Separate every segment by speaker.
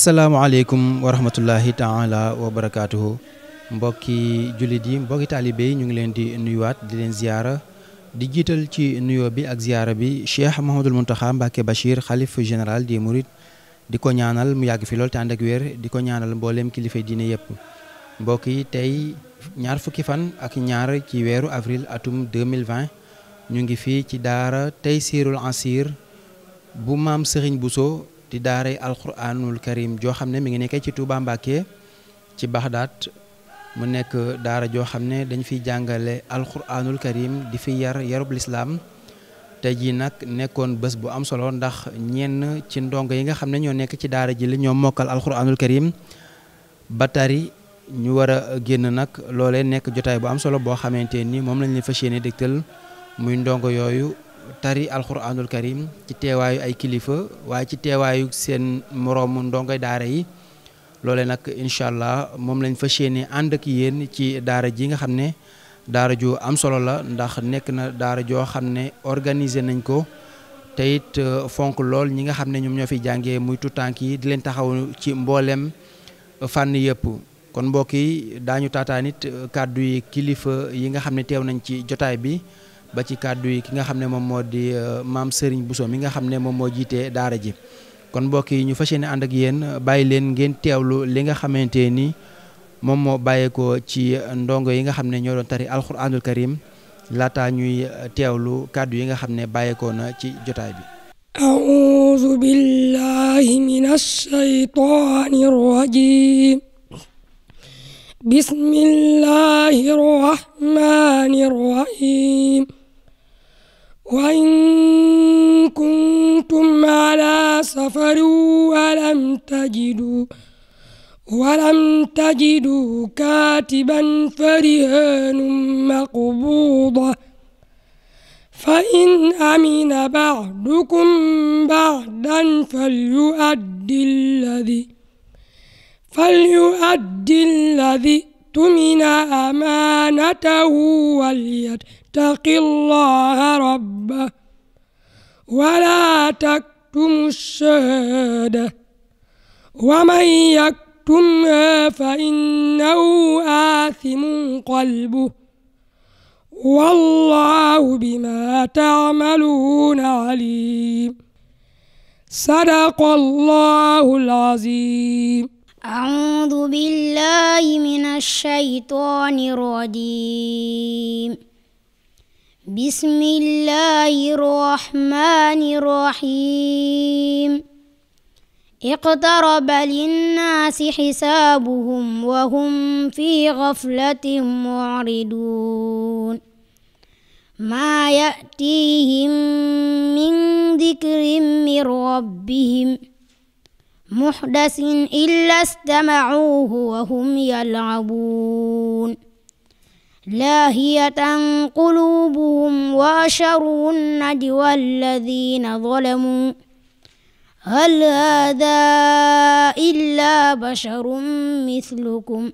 Speaker 1: asalaamaaleykum wa rahmatullahi taala wa barakaatuhu mbokki jullit yi mbokki taalibe yi ñu ngi leen di nuyuwaat di leen ziyaara di jiital ci nuyo bi ak ziyaara bi Cheikh Mouhamadoul Mountakha Mbacké Bachir xalif général di Mourides di ko ñaanal mu yàgg fi lool te ànd ak wér di ko ñaanal mbooleem kilifa diine yépp mbokk yi tey ñaar fukki fan ak ñaar ci weeru avril atum 2020 ñu ngi fii ci daara tey Taysiirul Asiir bu maam bu soo di daaray alquranul karim joo xam ne mu ngi nekkee ci Touba Mbacké ci Baxdaat mu nekk daara joo xam ne dañ fiy jàngale alquranul karim di fi yar yarub lislaam te jii nag nekkoon bés bu am solo ndax ñenn ci ndongo yi nga xam ne ñoo nekk ci daara ji li ñoom mokkal alquranul karim ba tari ñu war a génn nag loolee nekk jotaay bu am solo boo xamante nii moom lañ leen fas yéene dégtal muy ndongo yooyu tari alxuraanul karim ci teewaayu ay kilifa waaye ci teewaayu seen moroomu ndongo daara yi loole nag incha allah moom lañ fas yéene ànd ak yéen ci daara ji nga xam ne daara ju am solo la ndax nekk na daara joo xam ne organiser nañ ko te it euh, fonk lool ñi nga xam ne ñoom ñoo fi jàngee muy tànk yi di leen taxaw ci mbooleem fànn yëpp kon mbokk yi daañu taataan euh, kàddu yi kilifa yi nga xam ne teew nañ ci jotaay bi ba ci kàddu yi ki nga xam ne moom moo di euh, maam Serigne Bousso mi nga xam ne moom moo jiitee daara ji kon mbokk yi ñu fas yéene ànd ak yéen bàyyi leen ngeen teewlu li nga xamante ni moom moo bàyyeekoo ci ndongo yi nga xam ne ñoo doon tari alxuraanul karim laata ñuy euh, teewlu kàddu yi nga xam ne bàyyeekoo na ci jotaay bi.
Speaker 2: أعوذ بالله من الشيطان الرجيم بسم الله الرحمن الرحيم وإن كنتم على سفر ولم تجدوا ولم تجدوا كاتبا فرهان مقبوضة فإن أمن بعضكم بعضا فليؤدي الذي فليؤدي الذي اؤتمن أمانته وليتقي واتق الله ربه ولا تكتم الشهادة ومن يكتمها فإنه آثم قلبه والله بما تعملون عليم صدق الله العظيم أعوذ بالله
Speaker 3: من الشيطان الرجيم بسم الله الرحمن الرحيم اقترب للناس حسابهم وهم في غفلة معرضون ما يأتيهم من ذكر من ربهم محدث إلا استمعوه وهم يلعبون لاهية قلوبهم وأشروا النجوى الذين ظلموا هل هذا إلا بشر مثلكم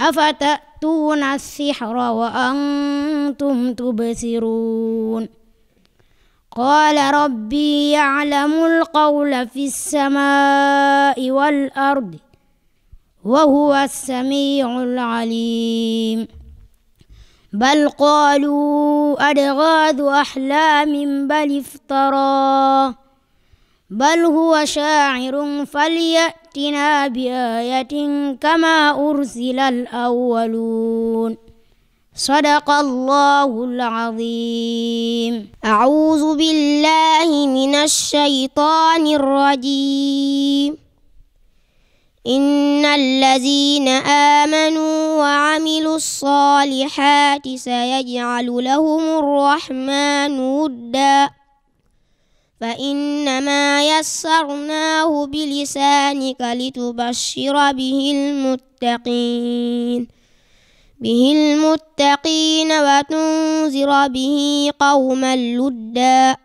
Speaker 3: أفتأتون السحر وأنتم تبصرون قال ربي يعلم القول في السماء والأرض وهو السميع العليم بل قالوا أضغاث أحلام بل افتراه بل هو شاعر فليأتنا بآية كما أرسل الأولون صدق الله العظيم أعوذ بالله من الشيطان الرجيم إن الذين آمنوا وعملوا الصالحات سيجعل لهم الرحمن ودا فإنما يسرناه بلسانك لتبشر به المتقين به المتقين وتنذر به قوما لُدًّا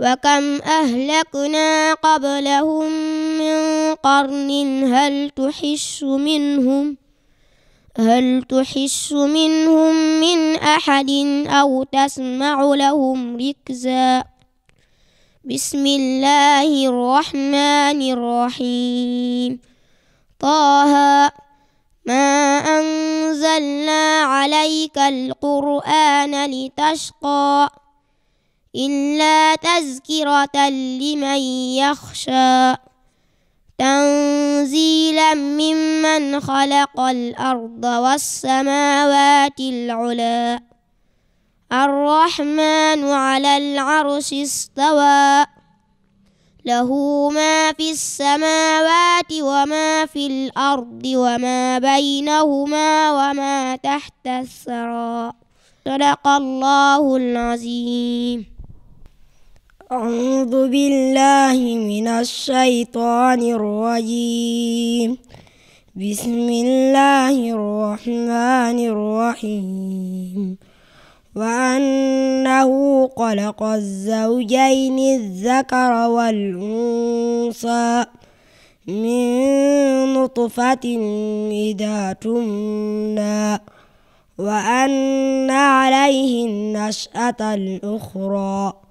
Speaker 3: وكم أهلكنا قبلهم من قرن هل تحس منهم هل تحس منهم من أحد أو تسمع لهم ركزا بسم الله الرحمن الرحيم طه ما أنزلنا عليك القرآن لتشقى إلا تذكرة لمن يخشى تنزيلا ممن خلق الأرض والسماوات العلا الرحمن على العرش استوى له ما في السماوات وما في الأرض وما بينهما وما تحت الثرى صدق الله العظيم أعوذ بالله
Speaker 4: من الشيطان الرجيم بسم الله الرحمن الرحيم وأنه خلق الزوجين الذكر والأنثى من نطفة إذا تمنى وأن عليه النشأة الأخرى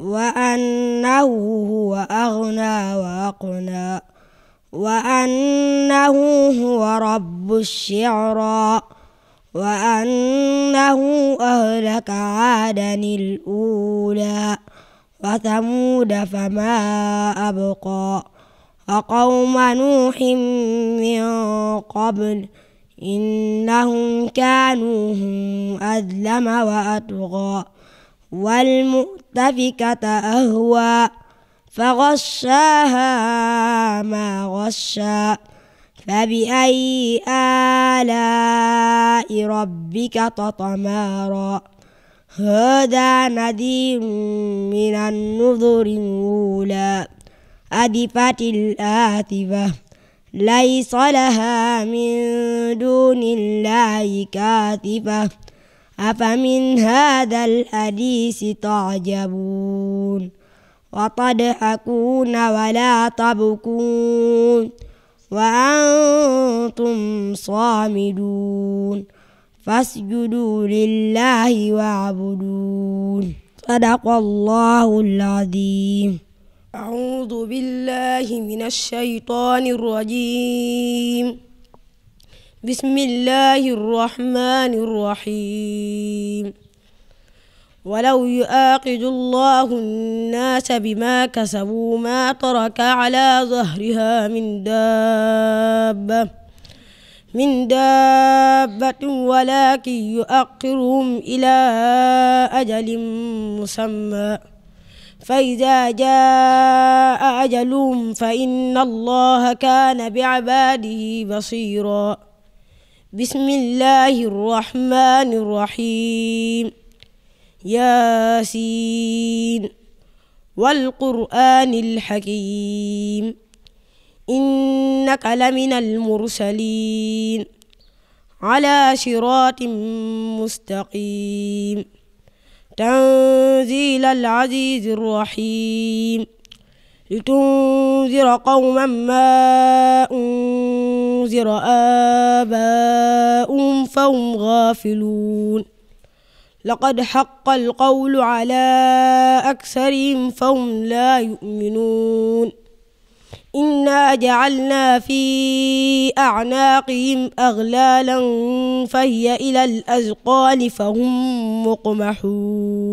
Speaker 4: وأنه هو أغنى وأقنى وأنه هو رب الشعرى وأنه أهلك عادا الأولى وثمود فما أبقى وقوم نوح من قبل إنهم كانوا هم أظلم وأطغى والمؤتفكة أهوى فغشاها ما غشى فبأي آلاء ربك تطمارى هذا نذير من النذر الأولى أدفت الآتفة ليس لها من دون الله كاتفة أفمن هذا الحديث تعجبون وتضحكون ولا تبكون وأنتم صامدون فاسجدوا لله واعبدون صدق الله العظيم أعوذ
Speaker 5: بالله من الشيطان الرجيم bismillahi irrahmani irrahim walaw yuaaqidu allahu nnaasa bima kasabuu maa taraka ala zahriha min daaba min daabatin walakin yuaqiruhum ila ajalin musamma fa ida jaa ajaluhum fa inna allaha kaana biibaadihi basiira bismillahi irrahmani irrahim yaasiin walqur'aani alxakiim innaka la min almursaliin ala siraatin mustaqiim tanziila alaziizi irrahiim لتنذر قوما ما أنذر آباؤهم فهم غافلون لقد حق القول على أكثرهم فهم لا يؤمنون إنا جعلنا في أعناقهم أغلالا فهي إلى الأذقان فهم مقمحون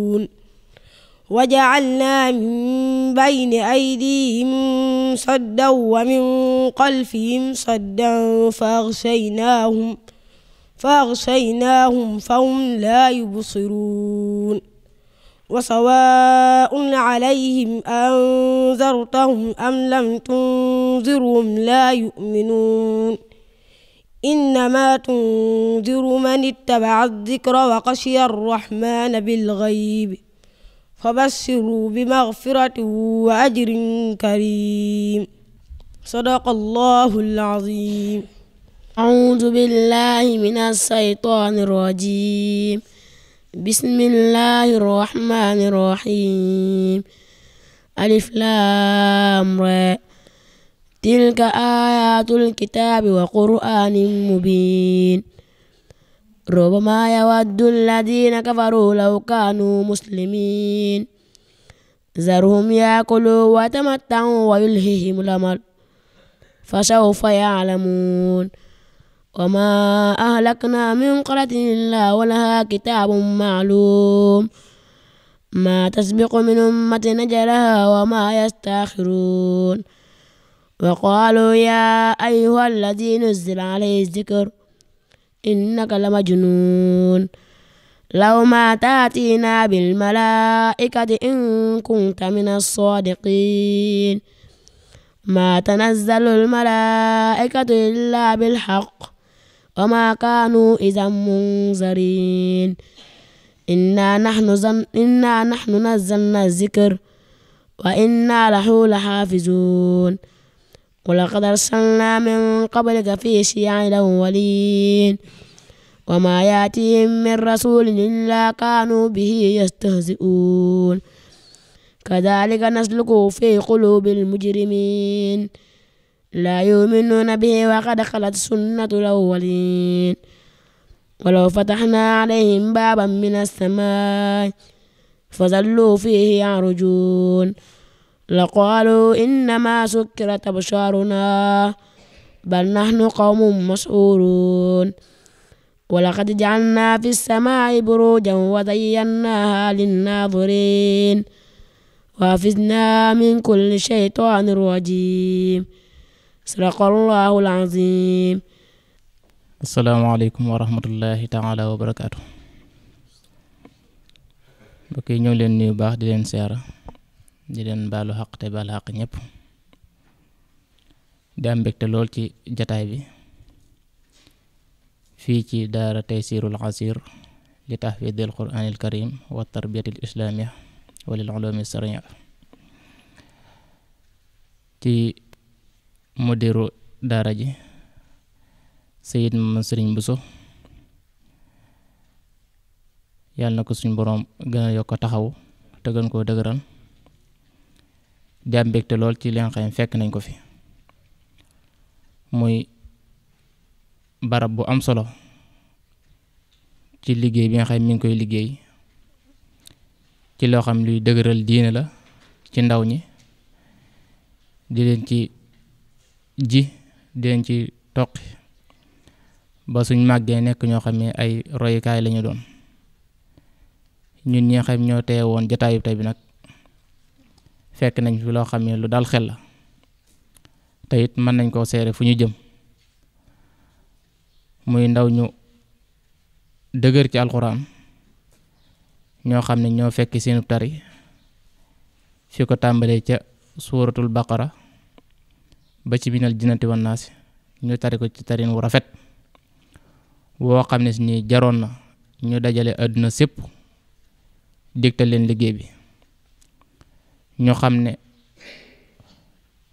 Speaker 5: وجعلنا من بين أيديهم صدا ومن خلفهم صدا فأغشيناهم فأغشيناهم فهم لا يبصرون وسواء عليهم أنذرتهم أم لم تنذرهم لا يؤمنون إنما تنذر من اتبع الذكر وخشي الرحمن بالغيب fa bassiru bi magfirati wa ajrin
Speaker 6: karim sadaqallahu alazim audu billahi min alseytaani irrajim bismillahi irrahmani irrahim alif lam ra tilka ayatul kitaabi wa qur'anin mubin ربما يود الذين كفروا لو كانوا مسلمين ذرهم يأكلوا ويتمتعوا ويلههم الأمل فسوف يعلمون وما أهلكنا من قرية إلا ولها كتاب معلوم ما تسبق من أمة نجلها وما يستأخرون وقالوا يا أيها الذي نزل عليه الذكر innaka la majnun law ma taatiina bil malaa'ikati in kunta mina saadiqin ma tanazzalu al malaa'ikatu illa bil haqq wa ma kaanu izan munzarin inna nahnu zan inna nahnu nazzalna zikr wa inna lahu la xaafizun ولقد أرسلنا من قبلك في شيع الأولين وما يأتيهم من رسول إلا كانوا به يستهزئون كذلك نسلكه في قلوب المجرمين لا يؤمنون به وقد خلت سنة الأولين ولو فتحنا عليهم بابا من السماء فظلوا فيه يعرجون la qaalu innama sukkirat absharuna bal nahnu qawmun mas'uulun wa laqad ja'alna fi samaa'i buruujan wa zayyannaaha linnaaziriin wa hafidnaa min kulli shaytaanin rajiim sadaqallaahul aziim
Speaker 7: assalaamu aleykum wa rahmatullaahi ta'aalaa wa barakaatuh mbokk yi ñoo leen nuyu baax di leen siyaara di leen baalu xaq te baal xaq ñëpp di am mbégte lool ci jataay bi fii ci daara taysirul asir li tahfidil quraanil karim wa tarbiyatil islaamiya wa lil sariya ci mudiru daara ji sayid ma sëriñ Buso yàlla na ko suñ boroom gën a yokk taxaw te gën koo dëgëral di am mbégte lool ci li nga fekk nañ ko fi muy barab bu am solo ci liggéey bi nga xam ne mi ngi koy liggéey ci loo xam luy dëgëral diine la ci ndaw ñi di leen ci ji di leen ci toqi ba suñ màggee nekk ñoo xam ne ay royukaay lañu doon ñun ñi nga xam ñoo teewoon jataayu tey bi nag fekk nañ fi loo xam ne lu daal xel la te it mën nañ koo seere fu ñu jëm muy ndaw ñu dëgër ci alxuraan ñoo xam ne ñoo fekk seenu tari fi ko tàmbalee ca suuratul baqara ba ci minal jinnati wan naas ñu tari ko ci tarin wu rafet woo xam ne si ñuy jaroon na ñu dajale àdduna sépp digtal leen liggéey bi ñu xam ne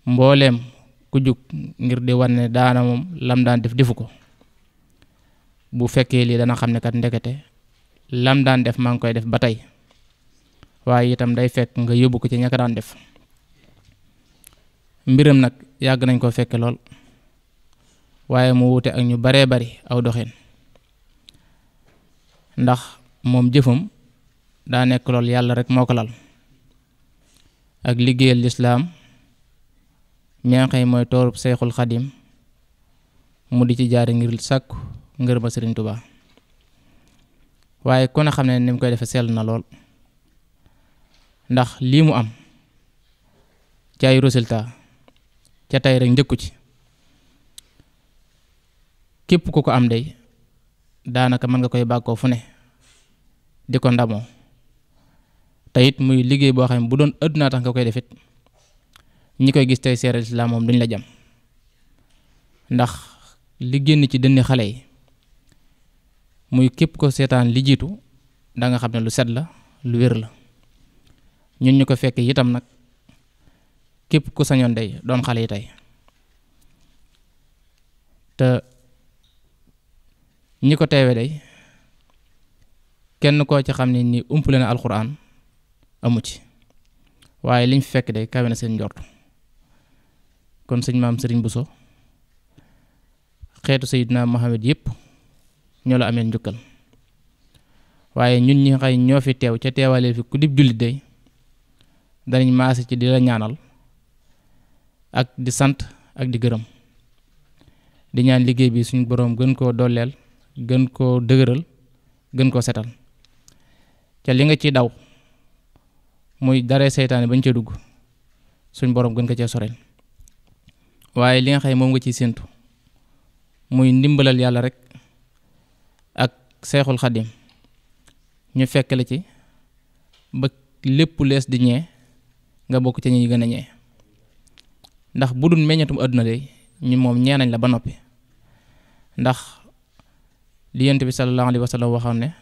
Speaker 7: mbooleem ku jug ngir di wan ne daana moom lam daan def defu ko bu fekkee lii dana xam ne kat ndekete lam daan def maa ngi koy def ba tey waaye itam day fekk nga yóbbu ko ci ñaka daan def mbiram nag yàgg nañ koo fekke lool waaye mu wuute ak ñu baree bari aw doxin ndax moom jëfam daa nekk lool yàlla rek moo ko lal ak liggéeyal lislaam ñaaxee mooy toorub seexul xadim mu di ci jaare ngir sàkku ngër ma sëriñ Tuubaa waaye kon a xam ne ni mu koy defe sell na lool ndax lii mu am ci ay résultat ca tey rek njëkku ci képp ku ko am dey daanaka mën nga koy bàkkoo fu ne di ko ndamoo te it muy liggéey boo xam ne bu doon addunaa tax nga koy defit ñi koy gis tey seere lislaam moom duñ la jam ndax li génn ci dënni xale yi muy képp ko seetaan li jiitu da xam ne lu set la lu wér la ñun ñu ko fekk itam nag képp ko sañoon day doon xale yi tey te ñi ko teewe day kenn koo ci xam ne ni umple na alxuraan amu ci waaye liñ fekk day kawe na seen njort kon sëñ maam sëriñ Bousso xeetu Seydina Mohamed yépp ñoo la amee njukkal waaye ñun ñi xay ñoo fi teew ca teewalee fi ku dib jullit day danañ maase ci di la ñaanal ak di sant ak di gërëm di ñaan liggéey bi suñ boroom gën koo dooleel gën koo dëgëral gën koo setal ca li nga ci daw muy daree seytaane bañ ca dugg suñ boroom gën ko cee soreel waaye li nga xam moom nga ciy séntu muy ndimbalal yàlla rek ak seexul xadim ñu fekk la ci ba lépp lees di ñee nga bokk ci ñi gën a ñee ndax bu dul meññatum àdduna de ñu moom ñee nañ la ba noppi ndax li yonent bi sallallahu alayhi wa sallam waxoon ne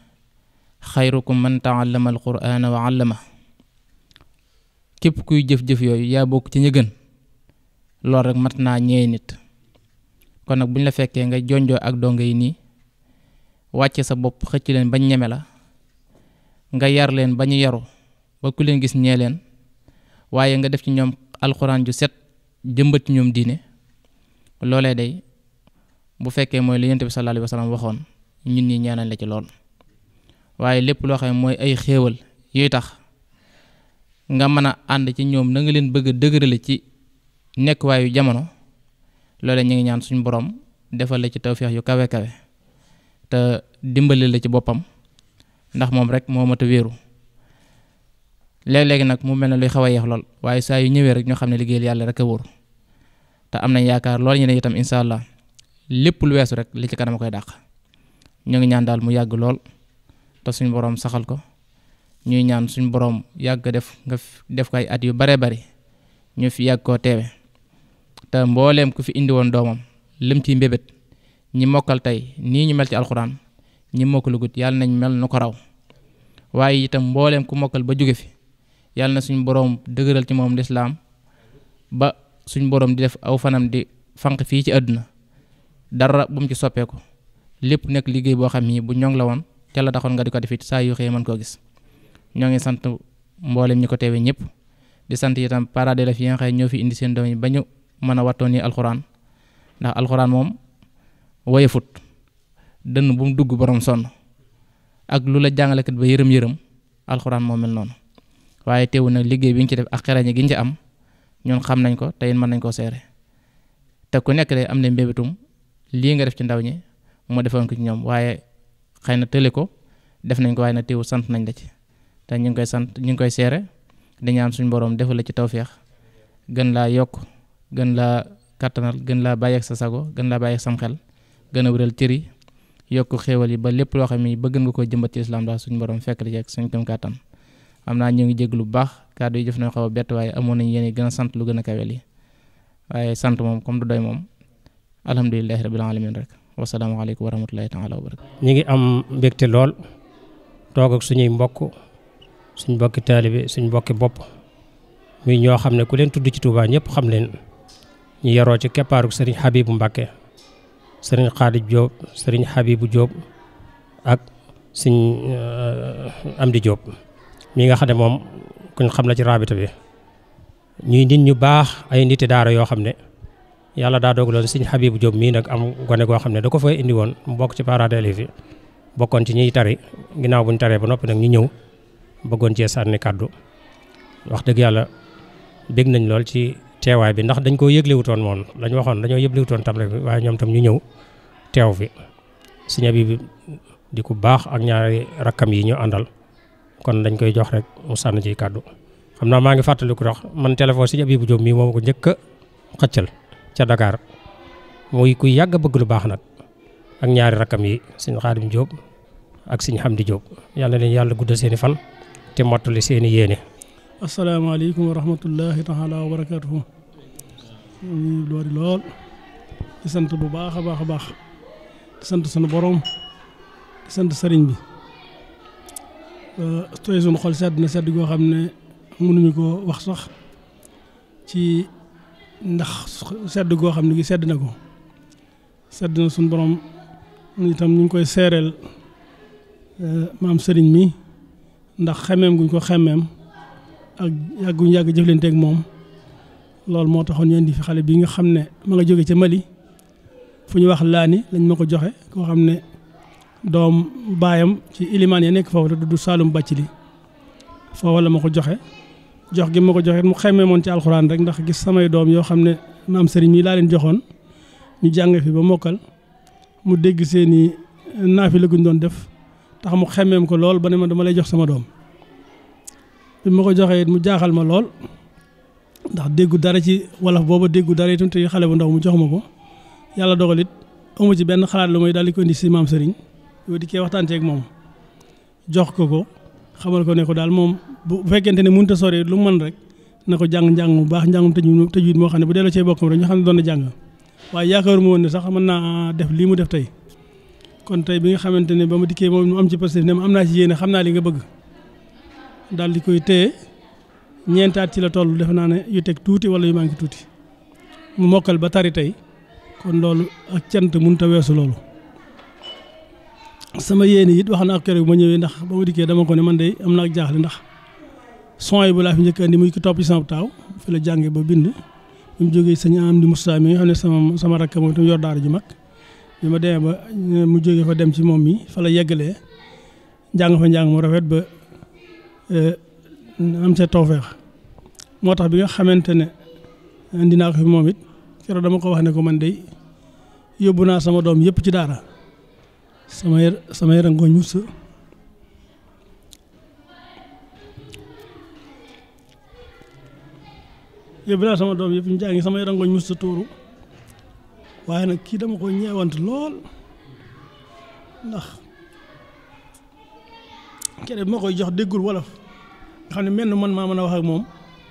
Speaker 7: ko man taallama al qur'ana wa allama képp kuy jëf-jëf yooyu yaa bokk ci ñi gën loolu rek mat naa ñeey nit kon nag bu ñu la fekkee nga jonjoo ak dongo yi nii wàcce sa bopp xëcc leen bañ ñeme la nga yar leen ba ñu yaru ba ku leen gis ñee leen waaye nga def ci ñoom alxuraan ju set jëmbat ci ñoom diine loolee day bu fekkee mooy li Yonent bi sa alayhi wa waxoon ñun ñi ñaanal la ci lool waaye lépp loo xam mooy ay xéewal yuy tax nga mën a ànd ci ñoom na nga leen bëgg a dëgërale ci nekkuwaayu jamono loole ñu ngi ñaan suñu borom defal la ci tawféex yu kawe kawe te dimbali la ci boppam ndax moom rek moo mat a wéeru léeg-léegi nag mu mel ne luy xaw a yeex lool waaye saa yu ñëwee rek ñoo xam ne liggéeyal yàlla rek a wóor te am nañ yaakaar lool ñu ne itam incha allah lépp lu weesu rek li ci kanam koy dàq ñu ngi ñaan daal mu yàgg lool te suñu borom saxal ko. ñuy ñaan suñ boroom yàgg def nga def ko ay at yu bare bari ñu fi yàgg koo teewe te mbooleem ku fi indi woon doomam lim ciy mbébét ñi mokkal tey nii ñu mel ci alxuraan ñi mokkalugut yàlla nañ mel nu ko raw waaye itam mbooleem ku mokkal ba jóge fi yàlla na suñ borom dëgëral ci moom lislaam ba suñ borom di def aw fanam di fanq fii ci àdduna dara bu mu ci soppeeku lépp nekk liggéey boo xam ni bu ñoŋ la woon ca la taxoon nga di ko defit saa yu mën koo gis ñoo ngi sant mboolem ñi ko teewee ñëpp di sant itam parents d'élèves yi nga xam ñoo fi indi seen doom yi ba ñu mën a wattoo nii alxuraan ndax alxuraan moom woyefut dënn bu mu dugg boroom sonn ak lu la jàngalekat ba yërëm-yërëm alxuraan moom mel noonu waaye teewul nag liggéey bi ñu ci def ak xerañ gi ñu ci am ñun xam nañ ko tey mën nañ koo seere te ku nekk de am na mbébitum lii nga def ci ndaw ñi mu defoon ko ci ñoom waaye xëy na tële ko def nañ ko waaye na teewul sant nañ la ci. te ñu ngi koy sant ñu ngi koy seere di ñaan suñu borom defal la ci tawféex gën laa yokk gën laa kattanal gën laa bàyyeeg sa sago gën laa bàyyeeg sam xel gën a wéral cër yi yokk xéewal yi ba lépp loo xam ne bëgg nga ko jëmbat ci islam daal suñ borom fekk li ci ak suñ kam kàttan am naa ñu ngi jéglu lu baax kàddu yi jëf na xaw a bett waaye amoon nañu yéen gën a sant lu gën a kawel yi waaye sant moom comme du doy moom alhamdulilahi rabbil alamin rek wasalaamaaleykum wa rahmatullahi taala wa barakatu
Speaker 8: ñu ngi am mbégte lool toog ak suñuy suñ bokki bi suñ bokki bopp muy ñoo xam ne ku leen tudd ci Touba ñëpp xam leen ñu yaroo ci keppaaru sëriñ Habibou Mbacké sëriñ Xaadi Diop sëriñ Habibou Diop ak suñ euh, di Diop mi nga xam ne moom kuñ xam la ci rabita bi ñuy nit ñu baax ay niti daara yoo xam ne yàlla daa dogaloon sëriñ Habibou Diop mii nag am gone goo xam ne da ko fay indi woon mu ci parents d'élèves yi bokkoon ci ñiy tari ginnaaw buñ taree ba noppi nag ñu ñëw bëggoon cee sànni kàddu wax dëgg yàlla bég nañ lool ci teewaay bi ndax dañ koo yéglewutoon moom lañ waxoon dañoo yëglewutoon table bi waaye ñoom tam ñu ñëw teew fi sëñ bi di ku baax ak ñaari rakkam yi ñu àndal kon dañ koy jox rek sànn ci kàddu xam naa maa ngi fàttaliku tax man téléphone sëñ Abibu Jóob mii moom ko njëkk a xëccal ca Dakar muy kuy yàgg bëgg lu baax nag ak ñaari rakkam yi sëñ Xaadim Jóob ak sëñ Xamdi Jóob yàlla leen yàlla guddal seeni fan te mottali seeni yéene
Speaker 9: asalaamaaleykum wa rahmatullahi taala wa barakaatuhu ñu loori lool di sant bu baax a baax a baax di sant sunu borom di sant sëriñ bi euh, tey sunu xol sedd na sedd goo xam ne mënuñu ko wax sax ci ndax sedd goo xam ne gi sedd na ko sedd na sunu borom itam ñu ngi koy seereel euh, maam sëriñ mi ndax xemmeem guñ ko xemmeem ak yàgguñ yàgg jëflanteeg moom loolu moo taxoon ñu indi fi xale bi nga xam ne ma nga jóge ca Mali fu ñu wax laani lañ ma ko joxe koo xam ne doom baayam ci ilimaan ya nekk foofu te du Saalum li foofu la ma ko joxe jox gi ma ko joxe mu xemmee moon ci alxuraan rek ndax gis samay doom yoo xam ne maam sëriñ mii laa leen joxoon ñu jàng fi ba mokkal mu dégg seeni naafi la guñ doon def tax mu xemmeem ko lool ba ne ma dama lay jox sama doom bi ma ko joxee it mu jaaxal ma lool ndax déggu dara ci wolof boobu déggu dara itam te xale bu ndaw mu jox ma ko yàlla dogal it ci benn xalaat lu mooy daal di ko si maam Serigne yow kee waxtaanee ak moom jox ko ko xamal ko ne ko daal moom bu fekkente ne mënut a sori lu mën rek na ko jàng njàng bu baax njàngum tëju tëju it moo xam ne bu delloo cee bokkam rek ñu xam ne doon na jàng waaye yaakaaruma woon ne sax mën naa def lii mu def tey. kon tey bi nga xamante ne ba ma dikkee moom mu am ci positif ne ma am naa ci yéene xam naa li nga bëgg daal di koy téye ñeentaat ci la toll defe naa ne yu teg tuuti wala yu manqué tuuti mu mokkal ba tari tey kon loolu ak cant mun a weesu loolu. sama yéene it wax na ak keroog ma ñëwee ndax ba ma dikkee dama ko ne man de am naa ak jaaxle ndax son yi bu laa fi njëkk andi muy ki topp ci sama taaw fi la jàngee ba bind. bi mu jógee sëñ am di Moussa mi nga sama sama rakk moom ju mag. bi ma demee ba mu jógee fa dem ci moom mi fa la yeggalee njàng fa njàng mu rafet ba eh, am see tawfeex moo tax bi nga xamante ne ndinaa naa ko fi moom it keroog dama ko wax ne ko man day yóbbu naa sama doom yëpp ci daara sama sama rangoñ musa yóbbu naa sama doom yëpp ñu jàngi sama rangoñ musa tuuru waaye nag kii dama koy ñeewant lool ndax keneen moo koy jox déggul wolof nga xam ne mel man maa mën a wax ak moom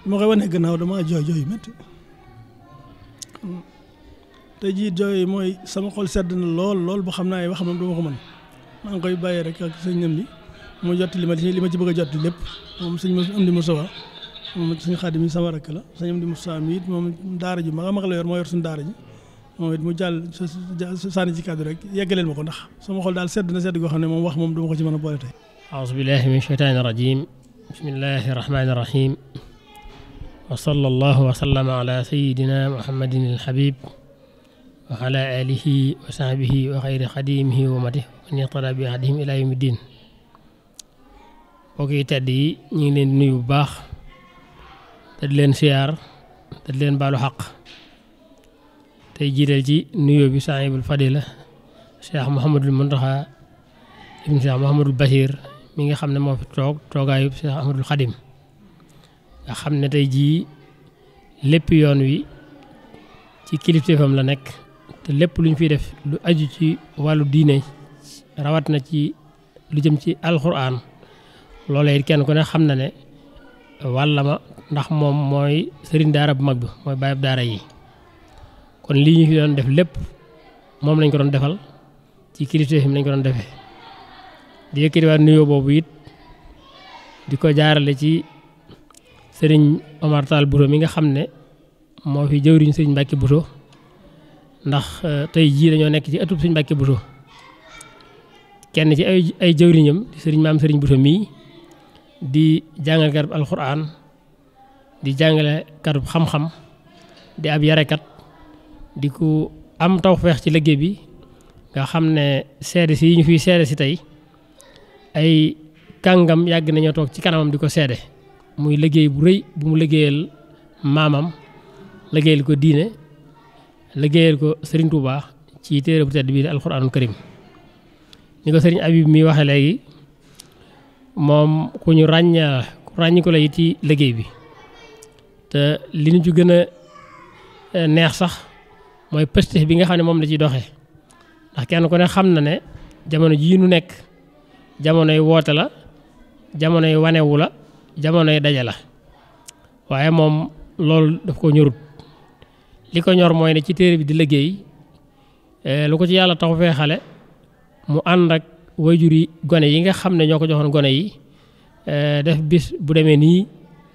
Speaker 9: moo koy wane gannaaw dama jooy jooy métti te jii jooy mooy sama xol sedd na lool lool boo xam naa wax moom dama ko mën maa ngi koy bàyyee rek ak sëñ am li mu jot li ma li ma ci bëgg a jot lépp moom sëñ am di Moussa moom sëñ Xaadim mi sama rek la sëñ am di Moussa mi it moom daara ji mag a mag la yor moo yor suñu daara ji moom it mu jàll sànni ci kàddu rek yeggaleel ko ndax sama xol daal sedd na sedd goo xam ne moom wax moom duma ko ci mën a boole tey
Speaker 10: aousu billahi min sheytaani rajim bismillahi rahmaani rahim wa sallallahu wa sallama ala wa ala alihi wa sahbihi wa bi ahdihim ila yawmi din mbokk yi tedd yi ñu ngi leen di bu baax te di leen siyaar te di xaq tey jiital ci nuyoo bi saahibul fadila cheikh Mouhamadul Muntaxa ibn cheikh Mouhamadul Bachir mi nga xam ne moo fi toog toogaayub cheikh Ahmadul Xadim nga xam ne tey jii lépp yoon wi ci kilifteefam la nekk te lépp lu ñu fiy def lu aju ci wàllu diine rawat na ci lu jëm ci alxuraan loolee it kenn ku ne xam na ne wàlla ndax moom mooy sëriñ daara bu mag bi mooy bàyyib daara yi kon lii ñu fi doon def lépp moom lañ ko doon defal ci kilifteef mi lañ ko doon defe di yëkkatiwaat nuyoo boobu it di ko jaarale ci sëriñ Omar Tall Bousso mi nga xam ne moo fi jëwriñ sëriñ Mbacke Bousso ndax euh, tey jii dañoo nekk ci ëttub sëriñ Mbacke Bousso kenn ci ay ay jëwriñam di sëriñ maam sëriñ Bousso mii di jàngal garab alxuraan di jàngale garab xam-xam di ab yarekat di ku am tawfeex ci liggéey bi nga xam ne seede si yi ñu fiy seede si tey ay kàngam yàgg nañoo toog ci kanamam di ko seede muy liggéey bu rëy bu mu liggéeyal maamam liggéeyal ko diine liggéeyal ko Serigne Touba ci téere bu tedd bii alxuraanul kërim ni ko sëriñ Habib mi waxe léegi moom ku ñu ràññaa ràññi ko la ci liggéey bi te li ñu ci gën a eh, neex sax mooy pëstéef bi nga xam ne moom la ciy doxee ndax kenn ko ne xam na ne jamono jii nu nekk jamonoy woote la yi wanewu la yi daje la waaye moom loolu daf ko ñorut li ko ñor mooy ne ci téere bi di liggéey eh, lu ko ci yàlla taxu fee xale mu ànd ak wayjur yi gone yi nga xam ne ñoo ko joxoon gone yi eh, def bis bu demee nii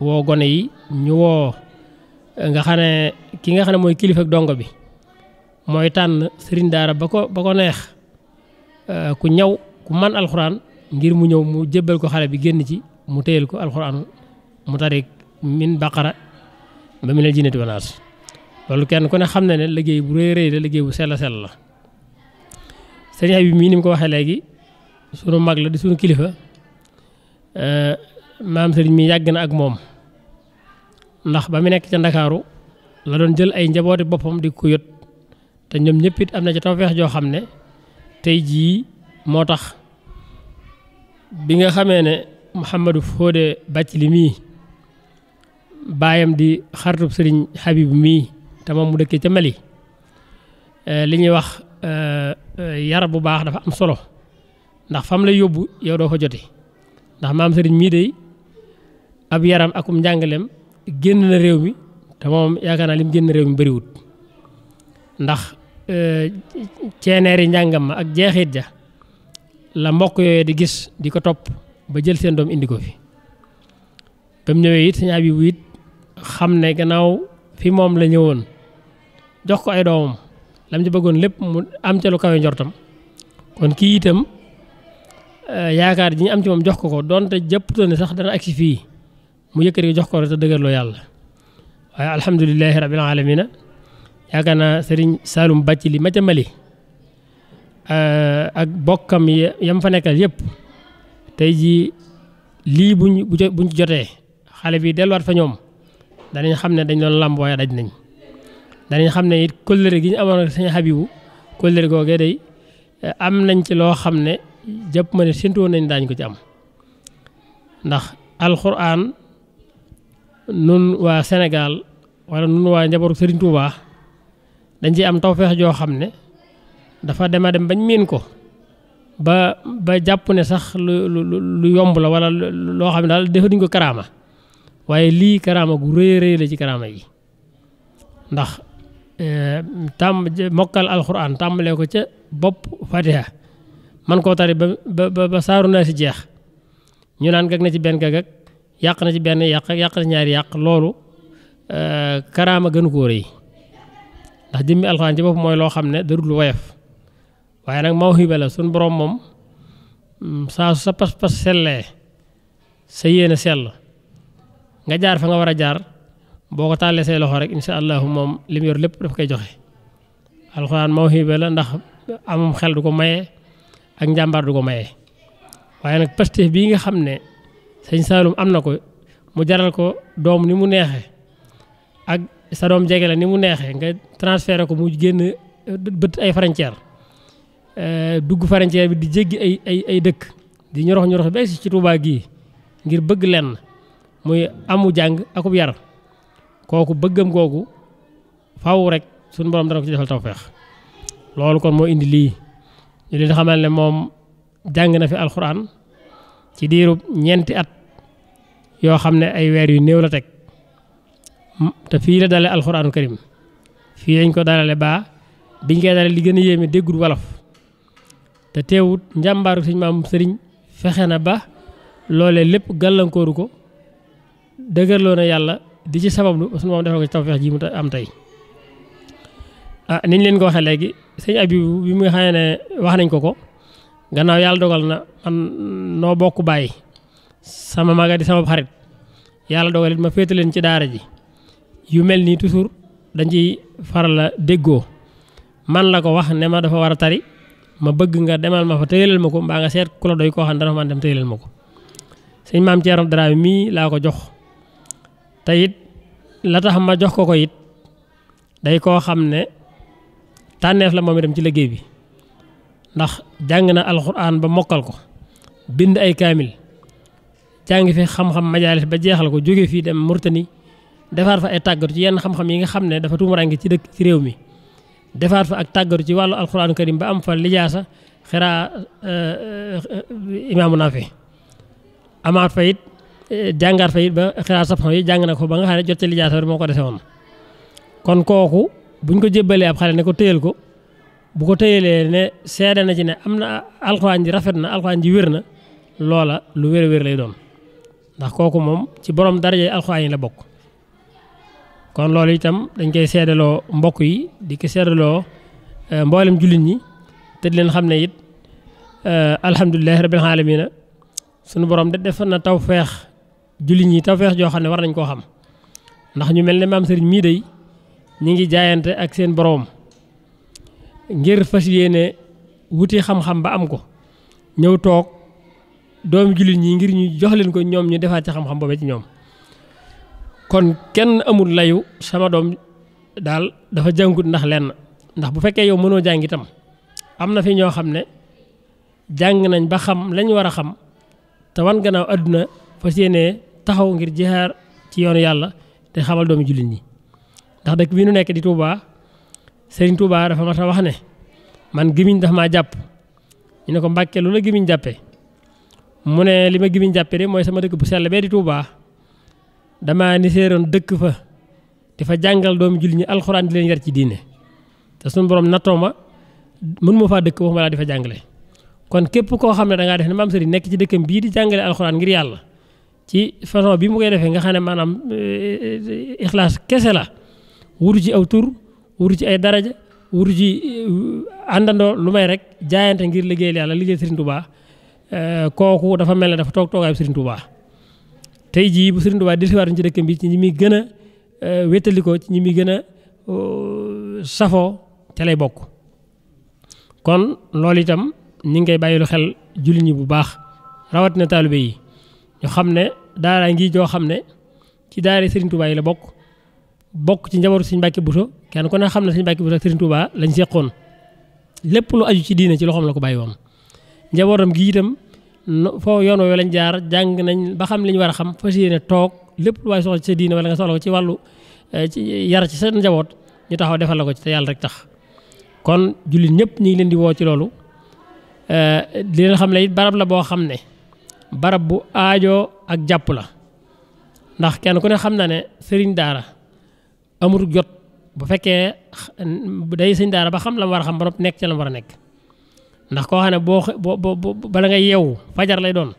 Speaker 10: woo gone yi ñu woo nga xam ne ki nga xam ne mooy kilifa dongo bi mooy tànn sëriñ daara ba ko ba ko neex euh, ku ñaw ku man alxuraan ngir mu ñëw mu jébbal ko xale bi génn ci mu téyel ko alxuraanu mu tarik min baqara ba mu ne jinnati wanaas loolu kenn ku ne xam na ne liggéey bu rëy rëy la liggéey bu sell sell la sëriñ bi mii ni mu ko waxee léegi sunu mag la di sunu kilifa euh, maam sëriñ mi yàgg na ak moom ndax ba mu nekk ca ndakaaru la doon jël ay njabooti boppam di ku yot te ñoom ñëpp am na ci tawfeex joo xam ne tey jii moo tax bi nga xamee ne Mouhamadou Fodé li mii baayam di xaritub sëriñ Habib mii te moom mu dëkkee ca Mali eh, li ñuy wax eh, eh, yar bu baax dafa am solo ndax fam lay yóbbu yow doo fa jote ndax maam sëriñ mii day ab yaram akum njàngaleem génn na réew mi te moom yaakaar naa lim génn réew mi bariwut ndax euh, ceeneeri njàngam ma ak jeexit ja la mbokk yooyu di gis di ko topp ba jël seen doom indi ko fi ba mu ñëwee it sëñ Abibu it xam ne gannaaw fi moom la ñëwoon jox ko ay doomam lam ci bëggoon lépp mu am ca lu kawe kon kii itam euh, yaakaar ji am ci jox ko ko donte jëpputoo ne sax dana agsi fii mu yëkkati jox ko rek te dëgërloo yàlla waaye alhamdulilahi rabbil alamina yaakaar naa sëriñ Saalum bàcc li ma ca Mali eh, ak bokkam yam fa nekkal yépp tey jii lii buñ buñ jotee xale bii delluwaat fa ñoom danañ xam ne dañ doon làmb waaye daj nañ danañ xam ne it kóllëre gi ñu amoon ak sëñ Habibu eh, nañ ci loo xam ne jàpp ma ne séntu nañ daañ ko ci am ndax alxuraan nun waa Sénégal wala nun waa njaboot Sëriñ Tuubaa dañ ci am tawféex joo xam ne dafa dema dem bañ miin ko ba ba jàpp ne sax lu lu yomb la wala loo xam ne daal defaduñ ko karaama waaye lii karaama gu rëy rëy la ci karaama yi ndax eh, tàmm mokkal alxuraan tàmbalee ko ca bopp fatiha man koo tari ba ba ba saaru naa si jeex ñu naan gag na ci benn gagag yàq na ci benn yàq yàq na ñaari yàq loolu eh, karaama gënu ko rëy ndax jëmmi alxuraan ci bopp mooy loo xam ne lu woyof waaye nag mawhiba la suñ borom moom mm, saa su sa pas-pas sellee sa yéene sell nga jaar fa nga war a jaar boo ko taalee say loxo rek incha allahu moom li lépp daf koy joxe alxuraan mawhiba la ndax amum xel du ko maye ak njàmbaar du ko maye waaye nag pastéef bii nga xam ne sëñ Saalum am na ko mu jaral ko doom ni mu neexe sa doom jege la ni mu neexee nga transféré ko mu génn euh, bët ay frontière euh, dugg frontière bi di jéggi ay ay ay dëkk di ñorox ñorox ba ci Tuubaa gii ngir bëgg lenn muy amu jàng akub yar kooku bëggam kooku fawu rek suñu borom dana ko ci defal tawféex loolu kon moo indi lii ñu leen xamal ne moom jàng na fi alxuraan ci diiru ñeenti at yoo xam ne ay weer yu néew la teg. Mm, te fii la dale alxuraanu karim fii lañ ko dalale baa biñ koy dale li gën a yéeme déggul wolof te teewut njàmbaaru sëñ maam sëriñ fexe na ba loolee lépp gàllankooru ko dëgërloo na yàlla di ci sabablu sunu moom defal ko ci tawfeex ji mu am tey ah niñ leen ko waxee léegi sëñ Abibu bi mu xamee ne wax nañ ko ko gannaaw yàlla dogal na man noo bokk bàyyi sama maga di sama xarit yàlla dogal ma féete leen ci daara ji yu mel nii toujours dañ ciy farala a déggoo man la ko wax ne ma dafa war a tari ma bëgg nga demal ma fa tëyalal ma ko mbaa nga seet ku la doy dana fa dem tëyalal ma ko maam Thierno Dramé mii laa ko jox te it la tax ma jox ko ko it day koo xam ne tànneef la moom dem ci liggéey bi ndax jàng na alxuraan ba mokkal ko bind ay kaamil jàng fi xam-xam majaalis ba jeexal ko jóge fii dem Murtani defaat fa ay tàggatu ci yenn xam-xam yi nga xam ne dafa tuumarange ci dëkk ci réew mi defaat fa ak tàggatu ci wàllu alxuraanu karim ba am fa lijaasa xiraa euh, euh, imaamu naafi amaat fa it euh, jàngaat fa it ba xiraa sapxam yi jàng na ko ba nga xam ne jot ci lijaasa moo ko dese woon kon kooku buñ ko jébbalee ab xale ne ko téyal ko bu ko téyalee ne seede na ci ne am na alxuraan ji rafet na alxuraan ji wér na loola lu wér-wér lay doon ndax kooku moom ci borom daraja alxuraan yi la bokk kon loolu itam dañ koy seedaloo mbokk yi di ko seedaloo eh, mboolem jullit ñi te leen xam ne it eh, alhamdulilah rabbil aalamiina sunu borom de def na taw feex jullit ñi taw feex joo xam ne war nañ koo xam ndax ñu mel ne maam sëriñ mii day ñi ngi jaayante ak seen boroom ngir fas yéene wuti xam-xam ba am ko ñëw toog doomu jullit ñi ngir ñu jox leen ko ñoom ñu defaat ci xam-xam boobee ci ñoom. kon kenn amul layu sama doom daal dafa jàngut ndax lenn ndax bu fekkee yow mënoo jàng itam am na fi ñoo xam ne jàng nañ ba xam lañ war a xam te wan gannaaw àdduna fa yéenee taxaw ngir jihaar ci yoonu yàlla te xamal doomu jullit ñi ndax dëkk bii nu nekk di Touba Serigne Touba dafa ma a wax ne man gimiñ dafa maa jàpp ñu ne ko Mbàkke lu la gimiñ jàppee mu ne li ma gimiñ jàppee de mooy sama dëkk bu sell bee di Touba. damaa ni séeroon dëkk fa di fa jàngal doomu julli ñi alxuraan di leen yar ci diine te suñu borom nattoo ma mën moo faa dëkk waxuma laa di fa jàngale kon képp koo xam ne dangaa def ne maam sëriñ nekk ci dëkkam bii di jàngale alxuraan ngir yàlla ci façon bi mu koy defee nga xam ne maanaam e, e, ixlaas kese la wutu ci aw tur wutu ci ay daraja wutu ci e, àndandoo lu may rek jaayante ngir liggéeyal yàlla liggéey sëriñ Tuubaa kooku dafa mel ne dafa toog toogaayu sëriñ Tuubaa tey jii bu Sëriñ Tuubaa dellusiwaatuñu ci dëkkam bi ci ñi muy gën a euh, wéttalikoo ci ñi muy gën a euh, safoo ca lay bokk kon loolu itam ñi ngi koy bàyyi lu xel julli ñi bu baax rawatina taalibe yi ñu xam ne daara ngi joo xam ne ci daara Sëriñ Tuubaa yi la bokk bokk ci njabootu Sëriñ Mbàkke Buso kenn ku ne xam ne Sëriñ Mbàkke Buso Sëriñ Tuubaa lañ seqoon lépp lu aju ci diine ci loxoom la ko bàyyi woon njabootam gi itam foo yoon woowu lañ jaar jàng nañ ba xam li ñu war a xam fas yéene toog lépp lu waay soxla ci sa diine wala nga soxla ko ci wàllu eh, ci yar ci sa njaboot ñu taxaw defal la ko ci te yàlla rek tax kon jullit ñépp ñu ngi leen di woo ci loolu eh, di leen xam ne it barab la boo xam ne barab bu aajoo ak jàpp la ndax kenn ku ne xam na ne sëriñ daara amul jot bu fekkee day sëriñ daara ba xam la mu war a xam ba noppi nekk ci la mu war a nekk. ndax koo xam ne boo boo bala nga yeewu fajar lay doon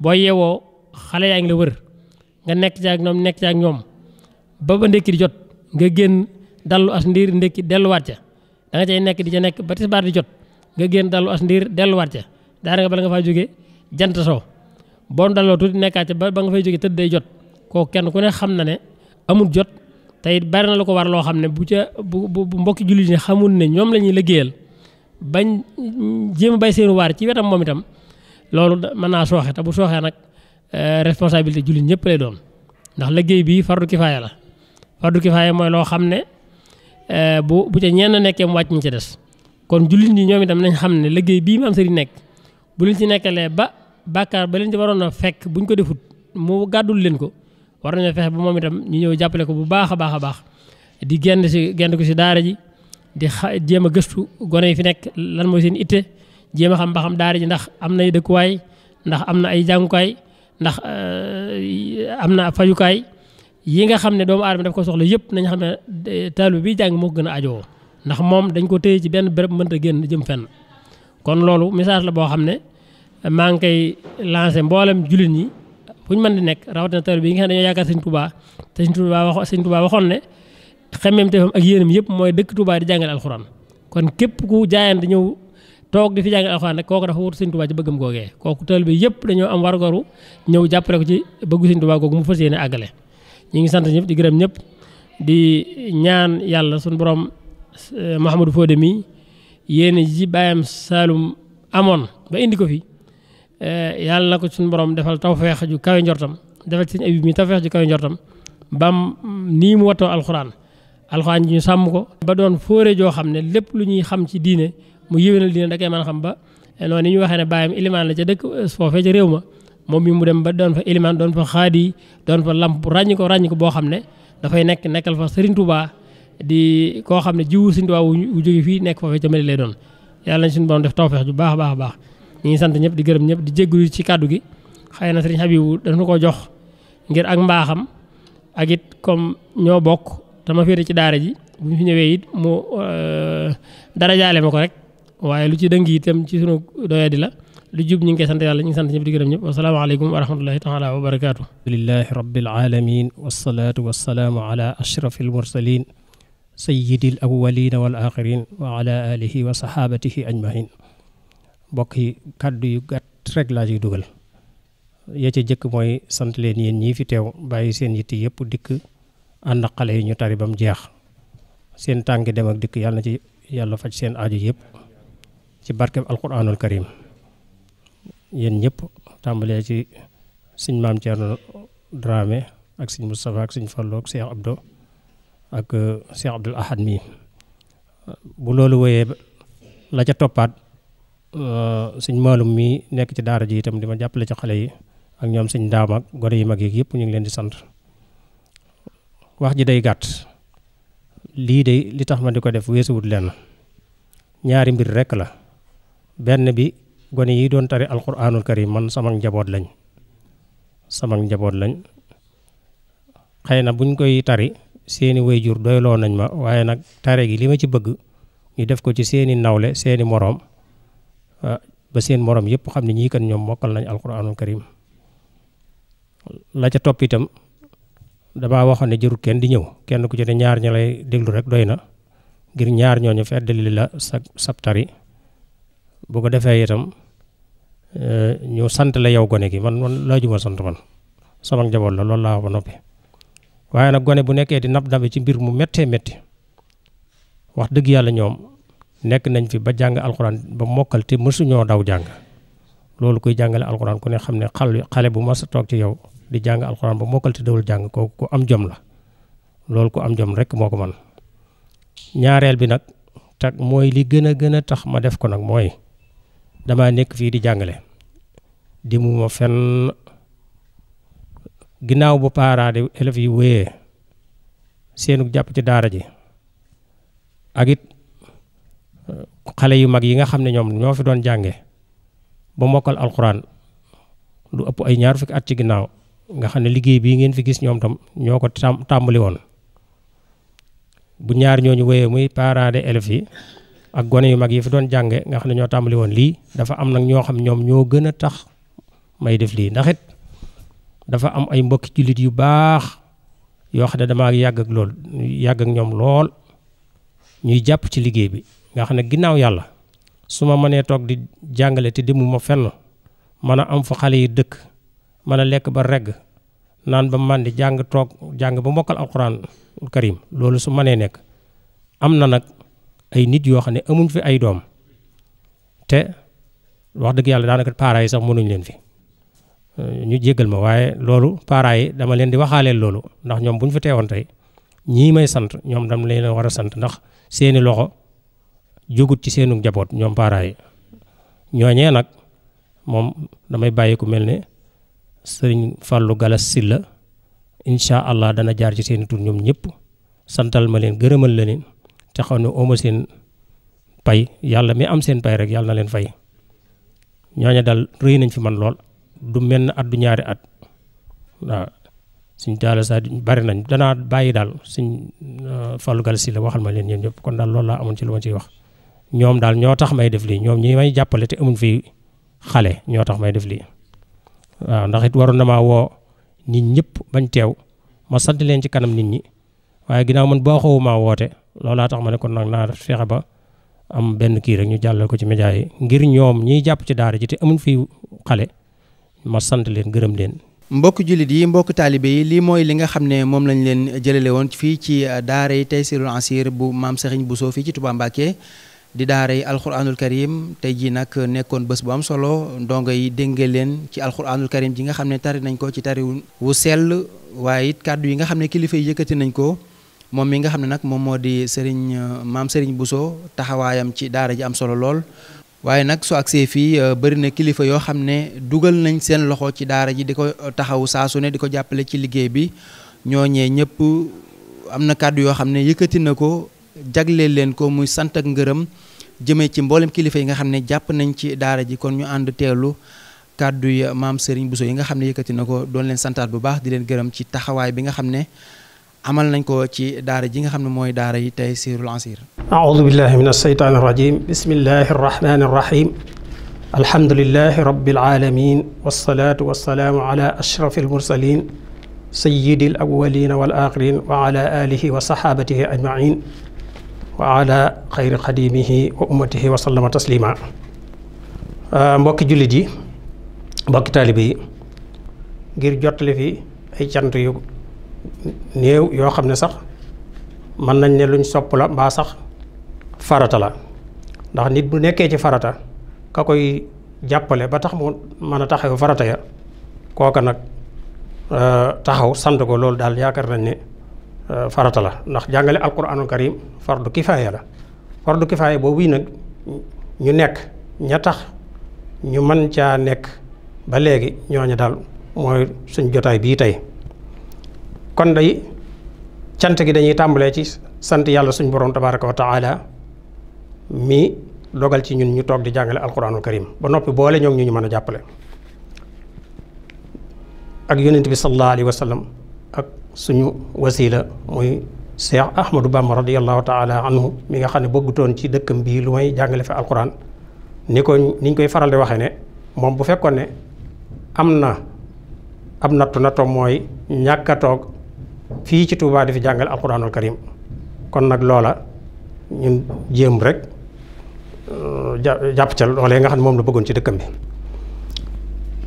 Speaker 10: boo yeewoo xale yaa ngi la wër nga nekk ca ak ñoom nekk ci ak ñoom ba ba ndékki di jot nga génn dallu as ndiir ndékki delluwaat ca da nga nekk di ca nekk ba tisbaar di jot nga génn dallu as ndiir delluwaat ca daanaka bala nga faa jóge jant soo boo dalloo tuuti nekkaat ca ba ba nga fay jóge tëdd day jot kooku kenn ku ne xam na ne amul jot tey it bari na lu ko war loo xam ne bu ca bu bu mbokki jullit ñi xamul ne ñoom la ñuy liggéeyal bañ jéem a bay seenu waar ci wetam moom itam loolu mën naa sooxe te bu sooxee nag eh, responsabilité jullit ñëpp lay doon ndax liggéey bi fardu kifaaya la fardu kifaaya mooy loo xam ne eh, bu bu ca ñenn nekkee mu wàcc ñu ci des kon jullit ñi ñoom itam nañ xam ne liggéey bii maam sëriñ nekk bu leen ci nekkalee ba bàkkaar ba leen ci waroon na fekk buñ ko defut mu gàddul leen ko war nañoo fexe bu moom itam ñu ñëw jàppale ko bu baax a baax a baax di génn si génn ko si daara ji di xa jéem a gëstu gone yi fi nekk lan mooy seen itte jéem a xam ba xam daara ji ndax am ay dëkkuwaay ndax am na ay jàngukaay ndax euh, am na fajukaay yi nga xam ne doomu aadama def ko soxla yëpp nañ xam ne taalu bi jàng moo ko gën a ajoo ndax moom dañ ko téye ci benn béréb mënta génn jëm fenn kon loolu message la boo xam ne maa ngi koy lancé mboolem jullit ñi fu ñu mën di nekk rawatina taalu bi yi nga xam ne dañoo yaakaar sëñ Tuubaa te sëñ Tuubaa wax waxoon ne xemmeem teefam ak yéenam yëpp mooy dëkk Touba di jàngale alxuraan kon képp ku jaayante ñëw toog di fi jàngale alxuraan rek kooku dafa wut Sëñ Touba ci bëggam googee kooku teel bi yëpp dañoo am wargoru ñëw jàppale ko ci bëggu Sëñ Touba googu mu fas yéene àggale ñu ngi sant ñëpp di gërëm ñëpp di ñaan yàlla suñu borom eh, Mouhamadou Fodé mi yéene ji bàyyam Saalum amoon ba indi ko fi eh, yàlla na ko suñu borom defal tawfeex ju kawe njortam defal ci Sëñ Abib mi tawfeex alxuraan ji ñu sàmm ko ba doon fóore joo xam ne lépp lu ñuy xam ci diine mu yéwénal diine da koy mën a xam ba eh, noonu ni ñu waxee ne bàyyam ilimaan la ca dëkk eh, foofee ca réew ma moom mi mu dem ba doon fa ilimaan doon fa xaadi doon fa lamp ràññ ko ràññ ko boo xam ne dafay nekk nekkal fa Serigne Touba di koo xam ne jiwu Serigne Touba wu jóge fii nekk foofee ca Mali lay doon yàlla nañ suñu borom def tawfeex ju baax a baax a baax ñu ngi sant ñëpp di gërëm ñëpp di jéggulu ci kàddu gi xëy na Serigne Habibou dañu ko jox ngir ak mbaaxam ak it comme ñoo bokk dama féete ci daara ji bu fi ñëwee it mu euh, dara jaale ko rek waaye lu ci dëng itam ci sunu doyadi la lu jub ñu ngi koy sant yàlla ñu ngi sant ñëpp di gërëm ñëpp wasalaamaaleykum wa rahmatullahi taala wa barakaatu alhamdulilahi
Speaker 8: rabbil alamin alihi wa sahabatihi ajmahin mbokk yi kàddu rek laa ciy dugal ya ca jëkk mooy sant leen yéen ñii fi teew bàyyi seen yitti yëpp dikk ànd ak xale yi ñu tari ba mu jeex seen tànki dem ak dikk yàlla na ci yàlla faj seen aajo yëpp ci barkeb alquranul karim yéen ñëpp tàmbalee si suñ maam Thierno Dramé ak suñ Moustapha ak suñ Fallou ak Cheikh Abdou ak euh, Cheikh Abdoul Ahad mi bu loolu wéyee la ca toppaat euh, suñ maalum mi nekk ci daara ji itam di ma jàppale ci xale yi ak ñoom suñ daam ak gone yi mag yi yëpp ñu ngi leen di sant wax ji day gàtt lii de li tax ma di ko def weesuwut lenn ñaari mbir rekk la benn bi gone yi doon tari alxuraanul karim man sama njaboot lañ sama njaboot lañ xëy na buñ koy tari seeni wayjur doyloo nañ ma waaye nag tare gi li ma ci bëgg ñu def ko ci seeni nawle seeni moroom ah, ba seen moroom yëpp xam ne ñii kan ñoom mokkal nañ alxuraanul karim la topp itam damaa waxoon ne jërul kenn di ñëw kenn ku ci ne ñaar ña lay déglu rek doy na ngir ñaar ñooñu feddali la sa sabtari bu ko defee itam eh, ñu sant la yow gone gi man man laajuma sant man sama njaboot la loolu laa wax ba noppi waaye nag gone bu nekkee di nab nabi ci mbir mu méttee métti wax dëgg yàlla ñoom nekk nañ fi ba jàng alxuraan ba mokkal te mësuñoo daw jàng loolu kuy jàngale alxuraan ku ne xam ne xal xale bu mas a toog ci yow di jàng alxuraan ba mokkal te dawul jàng kooku ku am jom la loolu ku am jom rek moo ko man ñaareel bi nag tak mooy li gën a gën a tax ma def ko nag mooy dama nekk fii di jàngale di mu ma fenn ginnaaw bu paaraade élèves yi wéyee seenu jàpp ci daara ji ak it uh, xale yu mag yi nga xam ne ñoom ñoo fi doon jànge ba mokkal alxuraan lu ëpp ay ñaar fukki at ci ginnaaw nga xam ne liggéey bii ngeen fi gis ñoom tam ñoo ko tàmbali woon bu ñaar ñoo ñu wéyee muy parents de yi ak gone yu mag yi fi doon jànge nga xam ne ñoo tàmbali woon lii dafa am nag ñoo xam ñoom ñoo gën a tax may def lii ndaxit dafa am ay mbokki jullit yu baax yoo xam ne damaa yàgg ak lool yàgg ak ñoom lool ñuy jàpp ci liggéey bi nga xam ne ginnaaw yàlla su ma mënee toog di jàngale te demuma fenn mën a am fu xale yi dëkk mën a lekk ba regg naan ba màndi jàng toog jàng ba mokkal alxuraan karim loolu su manee nekk am na nag ay nit yoo xam ne amuñ fi ay doom te wax dëgg yàlla daanaka parents yi sax mënuñ leen fi euh, ñu jéggal ma waaye loolu parents yi dama leen di waxaaleel loolu ndax ñoom buñ ñu fi teewoon tey ñii may sant ñoom dama leen war a sant ndax seeni loxo jógut ci seenu njaboot ñoom parents ñooñee nag moom damay bàyyi ku mel ne sëriñ fallu Galas Silla incha allah dana jaar ci seen tur ñoom ñëpp santal ma leen gërëmal la leen te xaw ne ooma seen pay yàlla mi am seen pay rek yàlla na leen fay ñooña daal rëy nañ fi man lool du mel ne at du ñaari at waaw suñ daal sa bari nañ danaa bàyyi daal suñ euh, Fallou Galas Silla waxal ma leen ñoom ñëpp kon daal lool laa amoon ci lu ma ciy wax ñoom daal ñoo tax may def lii ñoom ñi may jàppale te amuñ fi xale ñoo tax may def lii waaw ndax it waroon na maa woo nit ñëpp bañ teew ma sant leen ci kanam nit ñi waaye ginnaaw man boo xawumaa woote loolaa tax ma ne kon nag naa fexe ba am benn kii rek ñu jàllale ko ci média yi ngir ñoom ñiy jàpp ci daara ji te amuñ fi xale ma sant leen gërëm leen.
Speaker 1: mbokk jullit yi mbokk taalibe yi lii mooy li nga xam ne moom lañ leen jëlale woon fii ci euh, daara yi tey si Taysiroul Assir bu maam bu Bousso fii ci Touba di daara yi alxuraanul karim tey jii nag nekkoon bés bu am solo ndongo yi dénge leen ci alxuraanul karim ji nga xam ne tari nañ ko ci tari wu sell waaye it kàddu yi nga xam ne kilifa yi yëkkati nañ ko moom mi nga xam ne nag moom moo di sëriñ maam sëriñ Bousso taxawaayam ci daara ji am solo lool. waaye nag su agsee fii bëri na kilifa yoo xam ne dugal nañ seen loxo ci daara ji di ko taxawu saa su ne di ko jàppale ci liggéey bi ñooñee ñëpp am na kàddu yoo xam ne yëkkati na ko. jagleel leen ko muy sant ak ngërëm jëmee ci mboolem kilifa yi nga xam ne jàpp nañ ci daara ji kon ñu ànd teelu kàddu yi maam Serigne Bousso yi nga xam ne yëkkati na ko doon leen santaat bu baax di leen gërëm ci taxawaay bi nga xam ne amal nañ ko ci daara ji nga xam ne mooy daara yi tey Taysirul Ansir
Speaker 8: aoudu billahi min alsheytaan irrajim bismillahi arrahmani irrahim alhamdulilahi rabbil alamin wasalaatu wasalaamu ala wa ala alihi wa wa ala xayri xadimihi wa ummatihi wa sallama taslima euh, mbokki jullit yi mbokki taalibe yi ngir jotle fi ay cant yu néew yoo xam ne sax mën nañ ne luñ sopp la mbaa sax farata la ndax nit bu nekkee ci farata ka koy jàppale ba tax mu mën a taxaw farata ya kooka nag euh, taxaw sant ko loolu daal yaakaar nañ ne Euh, farata la ndax jàngale alquranul karim fardu kifaaya la fardu kifaaya boobu nag ñu nekk ña tax ñu mën caa nekk ba léegi ñooñu daal mooy suñ jotaay bii tey kon day cante gi dañuy tàmbalee ci sant yàlla suñ borom tabaraka wa taala mi dogal ci ñun ñu toog di jàngale alquranul karim ba noppi boole ñoom ñu ñu mën a jàppale ak yonent bi sallallahu alayhi ak suñu wasila muy Cheikh Ahmadou baama radiallahu taala anhu mi nga xam ne bëggutoon ci dëkkam bii lu may jàngale fi alquran ni ko niñ koy faral di waxee ne moom bu fekkoon ne am na ab nattu nattoom mooy ñàkk toog fii ci tuubaa di fi jàngale alquranul karim kon nag loola ñun jéem rek euh, jàpp ca loolee nga xam ne moom la bëggoon ci dëkkam bi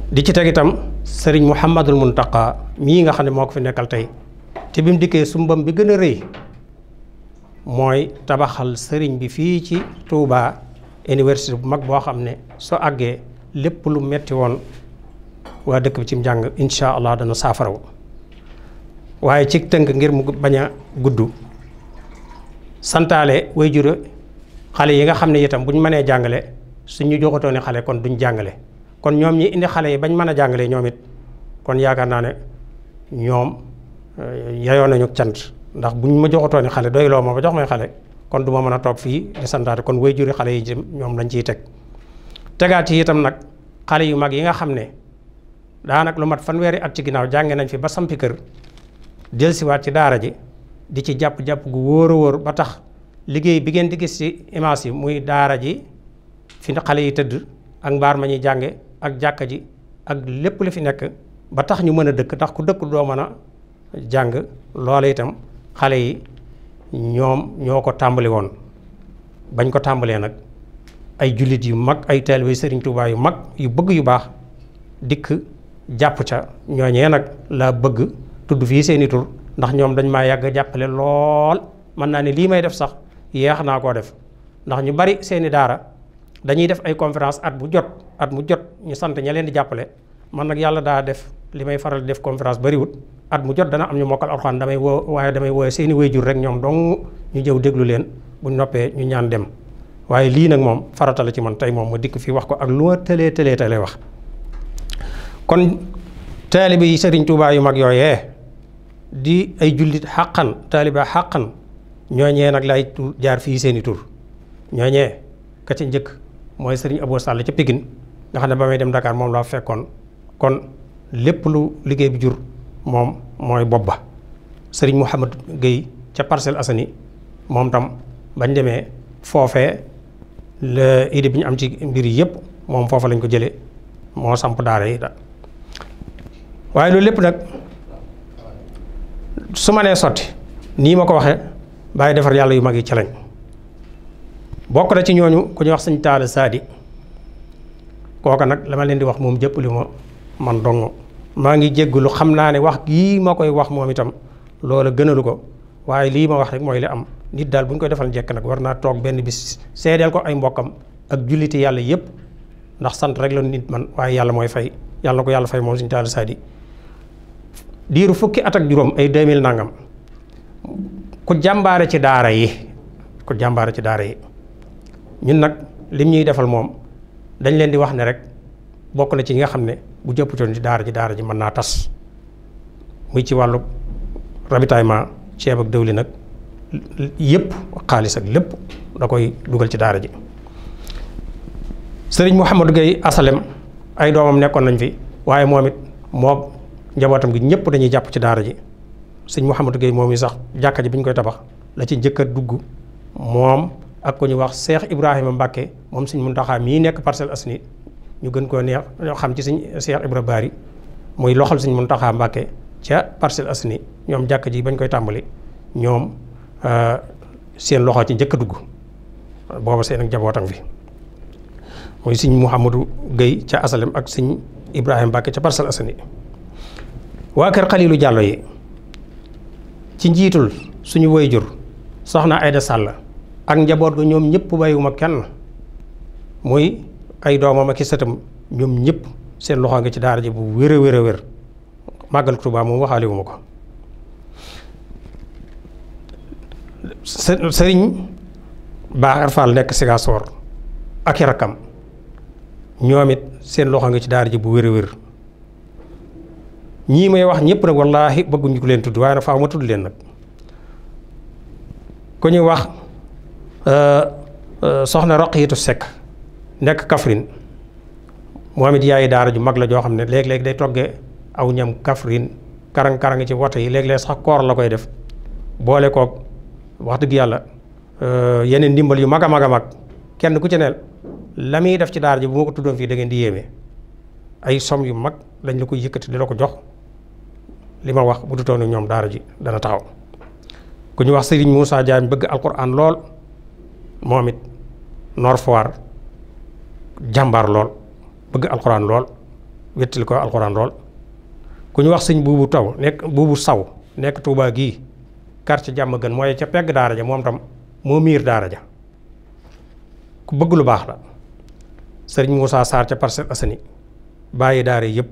Speaker 8: di ci teg itam sëriñ Mouhamadul Muntaqa mii nga xam ne moo ko fi nekkal tey te bi mu dikkee sumbam bi gën a rëy mooy tabaxal sëriñ bi fii ci Touba université bu mag boo xam ne soo àggee lépp lu metti woon waa dëkk bi ci njàng incha allah dana saafarawu waaye ci tënk ngir mu bañ a gudd santaale way jure xale yi nga xam ne itam bu ñu mënee jàngale suñu joxatoon xale kon duñ jàngale kon ñoom ñi indi xale yi bañ mën a jàngalee ñoom it kon yaakaar naa ne ñoom euh, yayoon nañu cant ndax buñ ma joxatooni xale doy loo ma ba jox may xale kon du ma mën a toog fii di santaate kon way juri xale yi jëm ñoom lañ ciy teg tegaat yi itam nag xale yu mag yi nga xam ne daanaka lu mat fanweeri at ci ginnaaw jànge nañ fi ba sampi kër delsiwaat ci daara ji di ci jàpp-jàpp gu wóor a wóor ba tax liggéey bi ngeen di gis ci image yi muy daara ji fi xale yi tëdd ak mbaar ma ñuy jànge ak jàkka ji ak lépp li fi nekk ba tax ñu mën a dëkk ndax ku dëkk doo mën a jàng loola itam xale yi ñoom ñoo ko tàmbali woon bañ ko tàmbalee nag ay jullit yu mag ay taalibe Sëriñ Tuubaa yu mag yu bëgg yu baax dikk jàpp ca ñooñee nag laa bëgg tudd fii seeni tur ndax ñoom dañ maa yàgg jàppale lool mën naa ne lii may def sax yeex naa koo def ndax ñu bari seeni daara dañuy def ay conférence at bu jot at mu jot ñu sant ña leen di jàppale man nag yàlla daa def li may faral di def conférence bariwul at mu jot dana am ñu mokkal alxuraan damay woo waaye damay wooye seeni wayjur rek ñoom dong ñu jëw déglu leen bu noppee ñu ñaan dem waaye lii nag moom farata la ci man tey moom ma dikk fii wax ko ak lu ma tëlee tëlee tëlee wax kon taalibe sëriñ Tuubaa yu mag yooyee di ay jullit xàqan taaliba xàqan ñooñee nag lay jaar fii seeni tur ñooñee ka ca njëkk mooy sëriñ Abo Sall ca Pikine nga xam ne ba may dem Dakar moom laa fekkoon kon lépp lu liggéey bi jur moom mooy bopp ba sëriñ Mouhamad Guèye ca Parcelles Assainies moom tam bañ demee foofee la bi ñu am ci mbir yëpp moom foofa lañ ko jëlee moo samp daara yi waaye loolu lépp nag su ma nee sotti nii ma ko waxee bàyyi defar yàlla yu mag yi ca lañ bokk na ci ñooñu ku ñuy wax sëñ Taala Saadi kooka nag la ma leen di wax moom jëpp li ma man dong maa ngi jéggulu xam naa ne wax gii ma koy wax moom itam loola gënalu ko waaye lii ma wax rek mooy li am nit daal bu ñu koy defal njekk nag war naa toog benn bis seedeel ko ay mbokkam ak julliti yàlla yëpp ndax sant rek la nit man waaye yàlla mooy fay yàlla ko yàlla fay moom suñu taal saadi diiru fukki at ak juróom ay 2000 nangam ku jàmbaare ci daara yi ku jàmbaare ci daara yi ñun nag lim ñuy defal moom. dañ leen di wax ne rek bokk na ci yi nga xam ne bu jëpputoon ci daara ji daara ji mën naa tas muy ci wàllu ravitaillement ceeb ak dëwlin nag yépp xaalis ak lépp da koy dugal ci daara ji sëriñ Mouhamadou Gueye asalem ay doomam nekkoon nañ fi waaye moom it moo njabootam gi ñëpp dañuy jàpp ci daara ji sëñ Mouhamadou Gueye moom yi sax jàkka ji bi ñu koy tabax la ci njëkk a dugg moom ak ko ñu wax Cheikh Ibrahima Mbacke moom Sëñ Muntaxa mii nekk Parcelles Assainies ñu gën koo neex ñoo xam ci Sëñ Cheikh Ibra Bari muy loxol Sëñ Muntaxa Mbacke ca Parcelles Assainies ñoom jàkk ji bañ koy tàmbali ñoom euh, seen loxo ci njëkk dugg booba seen ak njabootam fi muy Sëñ Mouhamadou Guèye ca Asalem ak Sëñ ibrahim Mbacke ca Parcelles Assainies waa kër Xalilu Jàllo yi ci njiitul suñu woy jur soxna Aïda Sall ak njaboot ga ñoom ñëpp bàyyiwuma kenn muy ay doomam ak i sëtam ñoom ñëpp seen loxo nga ci daara ji bu wér a wér a wér màggal Tuubaa ma ko sëriñ Baar Fall nekk Sigasoor ak i ñoom it seen loxo nga ci daara ji bu wér wér ñii may wax ñépp nag wallaahi bëgguñu ko leen tudd waaye nag faaw ma tudd leen nag ku ñuy wax Euh, euh, soxna Roqiyatu Sekk nekk Kaffrine moom it yaayi daara ju mag la joo xam ne léeg-léeg day togge aw ñam kafrin karang-karang ci woto yi léeg-léeg sax koor la koy def boole koog wax dëgg yàlla euh, yeneen ndimbal yu mag a mag a mag kenn ku ci ne la muy def ci daara ji bu ma ko tuddoon fii da ngeen di yéeme ay som yu mag lañ la koy yëkkati di la ko jox li ma wax bu dutoon ñoom daara ji dana taxaw ku ñu wax Serigne Moussa Diagne bëgg alquran lool moom it Nord Foire lool bëgg alxuraan lool wéttali ko alxuraan lool ku ñu wax sëñ buubu taw nekk buubu saw nekk Touba gii quartier jàmm gën mooy ca pegg daara ja moom tam moo miir daara ja ku bëgg lu baax la sëriñ Moussa Sarr ca Parcelles Assainies bàyyi daara yëpp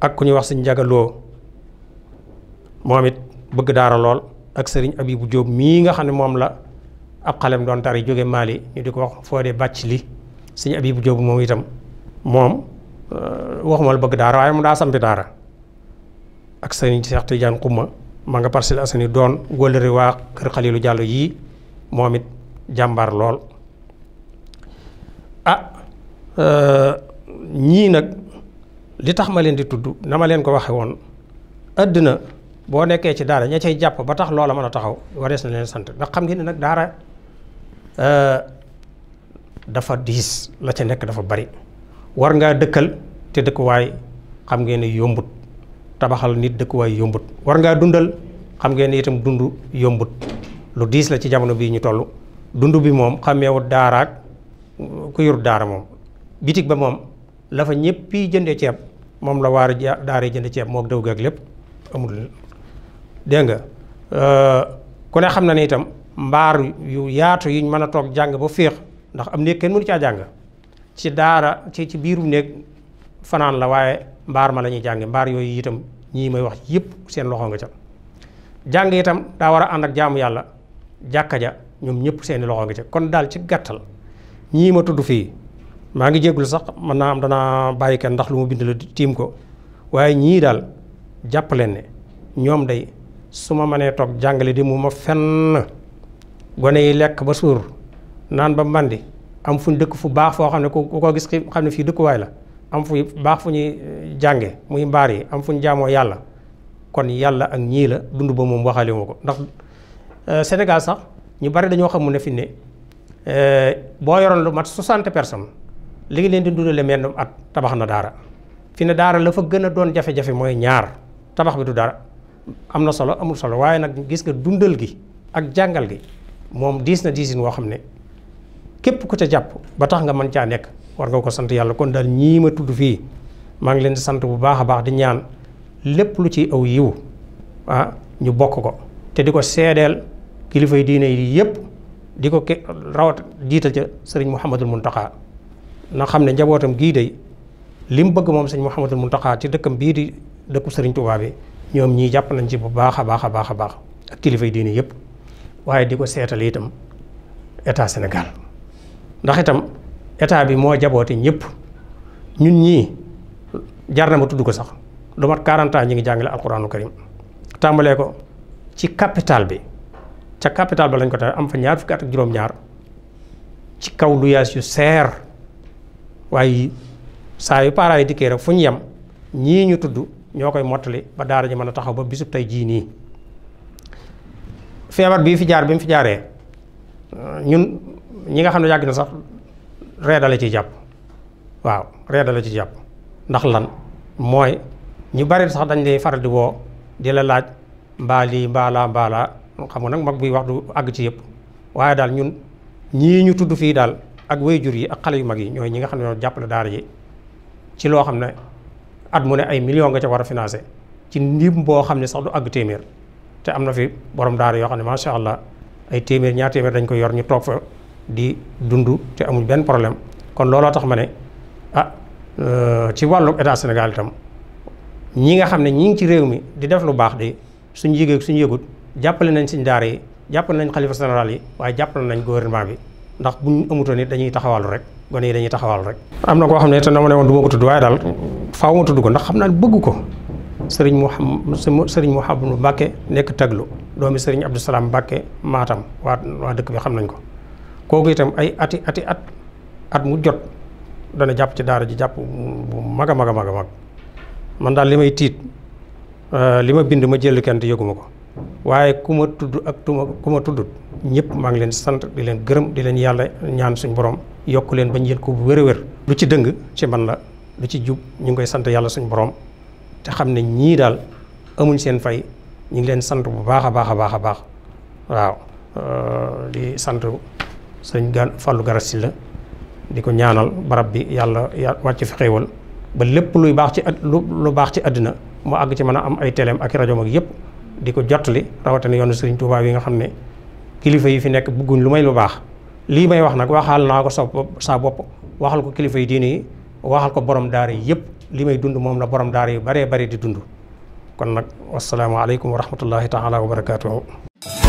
Speaker 8: ak ku ñuy wax sëñ jagaloo moom it bëgg daara lool ak sëriñ Abibu Jóob mii nga xam ne moom la ab xalem doon tari jóge Mali ñu di ko wax Fodé Bathily sëñ Abibu Jóob moom itam moom euh, waxuma la bëgg daara waaye mu daa sampi daara ak sëñ Cheikh Tidiane Xuma ma nga Parcelles Assainies doon wëllëre waa kër Xalilu jàll yii moom it jàmbaar lool a ah, euh, ñii nag li tax ma leen di tudd na ma leen ko waxe woon àddina boo nekkee ci daara ña cay jàpp ba tax loola mën a taxaw warees na leen sant ndax xam ngeen ne nag daara Euh, dafa diis la ca nekk dafa bari war ngaa dëkkal te dëkkuwaay xam ngeen ne yombut tabaxal nit dëkkuwaay yombut war ngaa dundal xam ngeen ne itam dund yombut lu diis la ci jamono bii ñu toll dund bi moom xameewut daaraak ku yor daara moom bitig ba moom la fa ñëppi jënde ceeb moom la waar daara jënd ceeb moo daw gaak lépp amul dégg nga euh, ku ne xam na ne itam mbaar yu yaatu yuñ mën a toog jàng ba féex ndax am néeg kenn mënu caa jàng ci daara ci ci biiru néeg fanaan la waaye mbaar ma lañuy ñuy mbaar yooyu itam ñii may wax yépp seen loxo nga ca jàng itam daa war a ànd ak jaamu yàlla jàkka ja ñoom ñëpp seeni loxo nga ca kon daal ci gàttal ñii ma tudd fii maa ngi jéggul sax mën naa am danaa bàyyi kenn ndax lu mu bind la tiim ko waaye ñii daal jàpp leen ne ñoom day su ma mënee toog jàngale di mu ma fenn gone yi lekk ba suur naan ba mbandi am fu ñu dëkk fu baax foo xam ne ku ko gis xam ne fii dëkkuwaay la am fu baax fu ñuy eh, jànge muy mbaar yi am fu ñu jaamoo yàlla kon yàlla ak ñii la dund ba moom waxale wu ko ndax eh, Sénégal sax ñu bari dañoo xam mu ne fi eh, ne boo yoroon lu mat 60 personne li ngi leen di dundale mel at tabax na daara fi ne daara la fa gën a doon jafe-jafe mooy ñaar tabax bi du dara am na solo amul solo waaye nag gis nga dundal gi ak jàngal gi moom diis na diisin woo xam ne képp ku ca jàpp ba tax nga man caa nekk war nga ko sant yàlla kon daal ñii ma tudd fii maa ngi leen sant bu baax a baax di ñaan lépp lu ci aw yiw ah ñu bokk ko te di ko seedeel kilifa yi diine yi yëpp di ko ke rawat jiital ca sëriñ Mouhamadul Mountakha na xam ne njabootam gii day li mu bëgg moom sëñ Mouhamadul Mountakha ci dëkkam bii di dëkku sëriñ Touba bi ñoom ñii jàpp nañ ci bu baax a baax a baax a baax ak kilifa yi diine yëpp. waaye di ko seetal itam état senegal ndax itam état bi moo jaboote ñëpp ñun ñii jar na ma tudd ko sax du mat 40 ñi ngi jàngale alquranu karim tàmbalee ko ci capital bi ca capital ba lañ ko tax am fa ñaar fukki at juróom-ñaar ci kaw lu yu seer waaye saa yu parents yi dikkee rek fu ñu yem ñii ñu tudd ñoo koy mottali ba daara ji mën a taxaw ba bisub tey jii nii feebar bii fi jaar bi mu fi jaaree ñun ñi nga xam ne yàgg na sax reeda la ciy jàpp waaw reeda la ciy jàpp ndax lan mooy ñu bari sax dañ lay faral di woo di la laaj mbaa lii mbaa laa xam nga nag mag buy wax du àgg ci yëpp waaye daal ñun ñii ñu tudd fii daal ak jur yi ak xale yu mag yi ñooy ñi nga xam ne jàpp jàppale daar yi ci loo xam ne at mu ne ay million nga ca war a financé ci ndim boo xam ne sax du àgg téeméer te am na fi borom daara yoo xam ne macha allah ay téeméer ñaar téeméer dañ ko yor ñu toog fa di dund te amuñ benn problème kon looloo tax ma ne ah euh, ci wàllu état Sénégal itam ñi nga xam ne ñi ngi ci réew mi di def lu baax de suñ yëgee suñ yëgut jàppale nañ suñ daara yi jàpp nañ xalifa général yi waaye jàppale nañ gouvernement bi ndax bu ñu amutoon ni dañuy taxawaalu rek gone yi dañuy taxawaalu rek.
Speaker 2: am na koo xam ne te
Speaker 8: dama ne woon du ma ko tudd waaye daal faaw ma tudd ko ndax xam naa bëgg ko sëriñ Mouhamad sëriñ Mouhamadu Mbacke nekk taglu doomi sëriñ Abdou mu Mbacke maatam waa waa dëkk bi xam nañ ko kooku itam ay ati ati at at mu jot dana jàpp ci daara ji jàpp bu mag a mag a mag a man daal li may tiit euh, li ma bind ma jël kenn te yëguma ko waaye ku ma tudd ak tuma ku ma tuddut ñëpp maa ngi leen sant di leen gërëm di leen yàlla ñaan suñ borom yokk leen bañ jël ko bu wér a lu ci dëng ci man la lu ci jub ñu ngi koy sant yàlla suñ borom te xam ne ñii daal amuñ seen fay ñu ngi leen sant bu baax a baax a baax a baax waaw euh, di sant sëñ Gan falu Garassi la di ko ñaanal barab bi yàlla wàcc fi xéewal ba lépp luy baax ci lu baax ci àddina mu àgg ci mën a am ay teleem ak rajoom ak yëpp di ko jottali rawatina yoonu sëriñ Touba yi nga xam ne kilifa yi fi nekk bëgguñ lu may lu baax lii may wax nag waxaal naa ko sa sa bopp waxal ko kilifa yi diine yi waxal ko borom daara yëpp li may dund moom la borom daara yu baree bari di dund kon nag wasalaamaaleykum wa rahmatullahi taala wa barakaatuhu